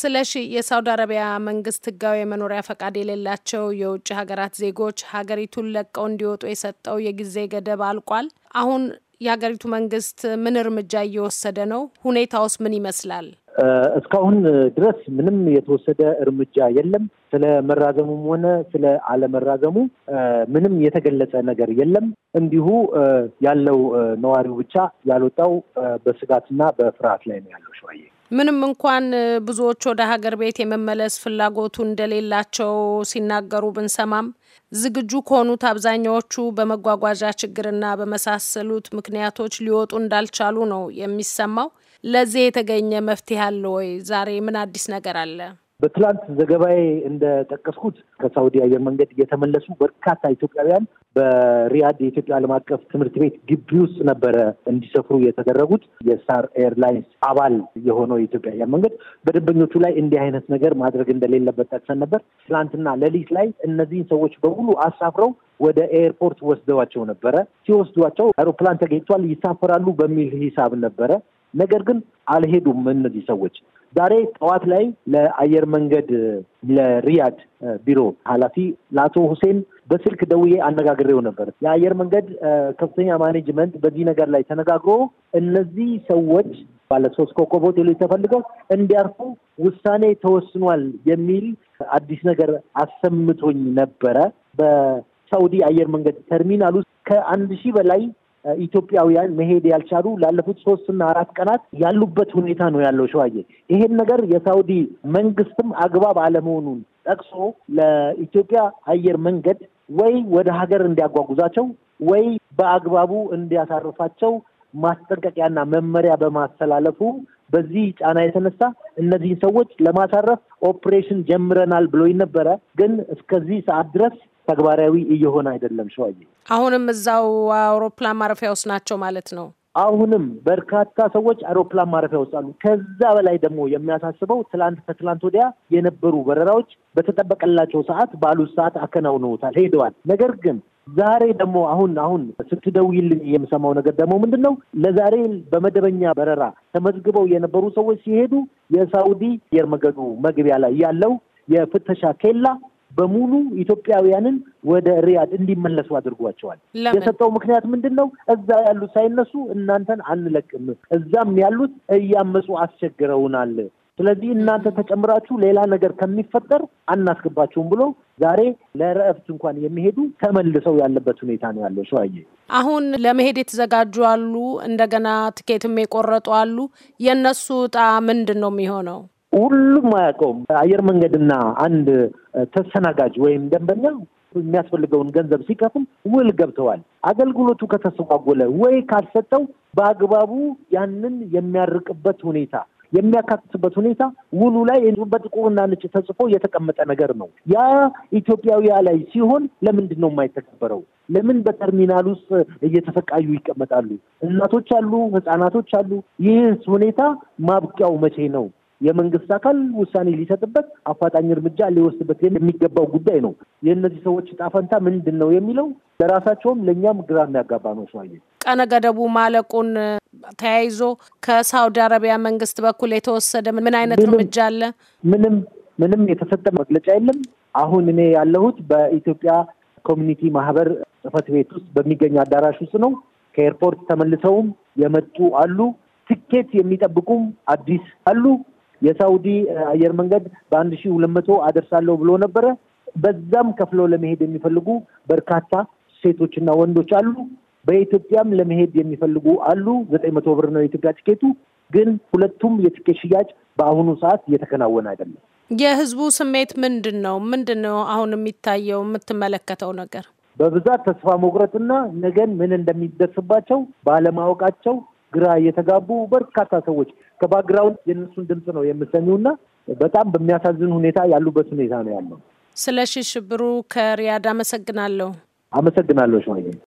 ስለሺ የሳውዲ አረቢያ መንግስት ህጋዊ የመኖሪያ ፈቃድ የሌላቸው የውጭ ሀገራት ዜጎች ሀገሪቱን ለቀው እንዲወጡ የሰጠው የጊዜ ገደብ አልቋል። አሁን የሀገሪቱ መንግስት ምን እርምጃ እየወሰደ ነው? ሁኔታውስ ምን ይመስላል? እስካሁን ድረስ ምንም የተወሰደ እርምጃ የለም። ስለ መራዘሙም ሆነ ስለ አለመራዘሙ ምንም የተገለጸ ነገር የለም። እንዲሁ ያለው ነዋሪው ብቻ ያልወጣው በስጋትና በፍርሃት ላይ ነው ያለው ሸዋዬ ምንም እንኳን ብዙዎች ወደ ሀገር ቤት የመመለስ ፍላጎቱ እንደሌላቸው ሲናገሩ ብንሰማም ዝግጁ ከሆኑት አብዛኛዎቹ በመጓጓዣ ችግርና በመሳሰሉት ምክንያቶች ሊወጡ እንዳልቻሉ ነው የሚሰማው። ለዚህ የተገኘ መፍትሄ አለ ወይ? ዛሬ ምን አዲስ ነገር አለ? በትላንት ዘገባዬ እንደጠቀስኩት ከሳውዲ አየር መንገድ እየተመለሱ በርካታ ኢትዮጵያውያን በሪያድ የኢትዮጵያ ዓለም አቀፍ ትምህርት ቤት ግቢ ውስጥ ነበረ እንዲሰፍሩ የተደረጉት። የስታር ኤርላይንስ አባል የሆነው የኢትዮጵያ አየር መንገድ በደንበኞቹ ላይ እንዲህ አይነት ነገር ማድረግ እንደሌለበት ጠቅሰን ነበር። ትላንትና ሌሊት ላይ እነዚህን ሰዎች በሙሉ አሳፍረው ወደ ኤርፖርት ወስደዋቸው ነበረ። ሲወስዷቸው አውሮፕላን ተገኝቷል፣ ይሳፈራሉ በሚል ሂሳብ ነበረ። ነገር ግን አልሄዱም እነዚህ ሰዎች ዛሬ ጠዋት ላይ ለአየር መንገድ ለሪያድ ቢሮ ኃላፊ ለአቶ ሁሴን በስልክ ደውዬ አነጋግሬው ነበር። የአየር መንገድ ከፍተኛ ማኔጅመንት በዚህ ነገር ላይ ተነጋግሮ እነዚህ ሰዎች ባለ ሶስት ኮከብ ሆቴሎች ተፈልገው እንዲያርፉ ውሳኔ ተወስኗል የሚል አዲስ ነገር አሰምቶኝ ነበረ። በሳውዲ አየር መንገድ ተርሚናል ውስጥ ከአንድ ሺህ በላይ ኢትዮጵያውያን መሄድ ያልቻሉ ላለፉት ሶስትና አራት ቀናት ያሉበት ሁኔታ ነው ያለው። ሸዋዬ ይሄን ነገር የሳውዲ መንግስትም አግባብ አለመሆኑን ጠቅሶ ለኢትዮጵያ አየር መንገድ ወይ ወደ ሀገር እንዲያጓጉዛቸው ወይ በአግባቡ እንዲያሳርፋቸው ማስጠንቀቂያና መመሪያ በማስተላለፉ በዚህ ጫና የተነሳ እነዚህን ሰዎች ለማሳረፍ ኦፕሬሽን ጀምረናል ብሎ ነበረ። ግን እስከዚህ ሰዓት ድረስ ተግባራዊ እየሆነ አይደለም። ሸዋዬ አሁንም እዛው አውሮፕላን ማረፊያ ውስጥ ናቸው ማለት ነው። አሁንም በርካታ ሰዎች አውሮፕላን ማረፊያ ውስጥ አሉ። ከዛ በላይ ደግሞ የሚያሳስበው ትላንት ከትላንት ወዲያ የነበሩ በረራዎች በተጠበቀላቸው ሰዓት ባሉት ሰዓት አከናውነውታል፣ ሄደዋል። ነገር ግን ዛሬ ደግሞ አሁን አሁን ስትደውይልኝ የምሰማው ነገር ደግሞ ምንድን ነው? ለዛሬ በመደበኛ በረራ ተመዝግበው የነበሩ ሰዎች ሲሄዱ የሳውዲ አየር መንገዱ መግቢያ ላይ ያለው የፍተሻ ኬላ በሙሉ ኢትዮጵያውያንን ወደ ሪያድ እንዲመለሱ አድርጓቸዋል። የሰጠው ምክንያት ምንድን ነው? እዛ ያሉት ሳይነሱ እናንተን አንለቅም፣ እዛም ያሉት እያመፁ አስቸግረውናል። ስለዚህ እናንተ ተጨምራችሁ ሌላ ነገር ከሚፈጠር አናስገባችሁም ብሎ ዛሬ ለረእፍት እንኳን የሚሄዱ ተመልሰው ያለበት ሁኔታ ነው ያለው። ሸዋየ አሁን ለመሄድ የተዘጋጁ አሉ፣ እንደገና ትኬትም የቆረጡ አሉ። የእነሱ እጣ ምንድን ነው የሚሆነው? ሁሉም አያውቀውም። አየር መንገድና አንድ ተስተናጋጅ ወይም ደንበኛ የሚያስፈልገውን ገንዘብ ሲከፍል ውል ገብተዋል። አገልግሎቱ ከተስተጓጎለ ወይ ካልሰጠው በአግባቡ ያንን የሚያርቅበት ሁኔታ የሚያካትትበት ሁኔታ ውሉ ላይ በጥቁርና ነጭ ተጽፎ የተቀመጠ ነገር ነው። ያ ኢትዮጵያዊ ላይ ሲሆን ለምንድን ነው የማይተከበረው? ለምን በተርሚናል ውስጥ እየተሰቃዩ ይቀመጣሉ? እናቶች አሉ፣ ህጻናቶች አሉ። ይህ ሁኔታ ማብቂያው መቼ ነው? የመንግስት አካል ውሳኔ ሊሰጥበት አፋጣኝ እርምጃ ሊወስድበት የሚገባው ጉዳይ ነው። የእነዚህ ሰዎች ጣፈንታ ምንድን ነው የሚለው ለራሳቸውም ለእኛም ግራ የሚያጋባ ነው። ሰውዬ ቀነ ገደቡ ማለቁን ተያይዞ ከሳውዲ አረቢያ መንግስት በኩል የተወሰደ ምን አይነት እርምጃ አለ? ምንም ምንም የተሰጠ መግለጫ የለም። አሁን እኔ ያለሁት በኢትዮጵያ ኮሚኒቲ ማህበር ጽህፈት ቤት ውስጥ በሚገኝ አዳራሽ ውስጥ ነው። ከኤርፖርት ተመልሰውም የመጡ አሉ። ትኬት የሚጠብቁም አዲስ አሉ። የሳውዲ አየር መንገድ በአንድ ሺ ሁለት መቶ አደርሳለሁ ብሎ ነበረ። በዛም ከፍለው ለመሄድ የሚፈልጉ በርካታ ሴቶችና ወንዶች አሉ። በኢትዮጵያም ለመሄድ የሚፈልጉ አሉ። ዘጠኝ መቶ ብር ነው የኢትዮጵያ ትኬቱ። ግን ሁለቱም የትኬት ሽያጭ በአሁኑ ሰዓት እየተከናወነ አይደለም። የህዝቡ ስሜት ምንድን ነው? ምንድን ነው አሁን የሚታየው የምትመለከተው ነገር? በብዛት ተስፋ መቁረጥና ነገን ምን እንደሚደርስባቸው ባለማወቃቸው ግራ እየተጋቡ በርካታ ሰዎች ከባክግራውንድ የእነሱን ድምፅ ነው የምሰሚው እና በጣም በሚያሳዝን ሁኔታ ያሉበት ሁኔታ ነው ያለው። ስለሺ ሽብሩ ከሪያድ አመሰግናለሁ። አመሰግናለሁ ሸ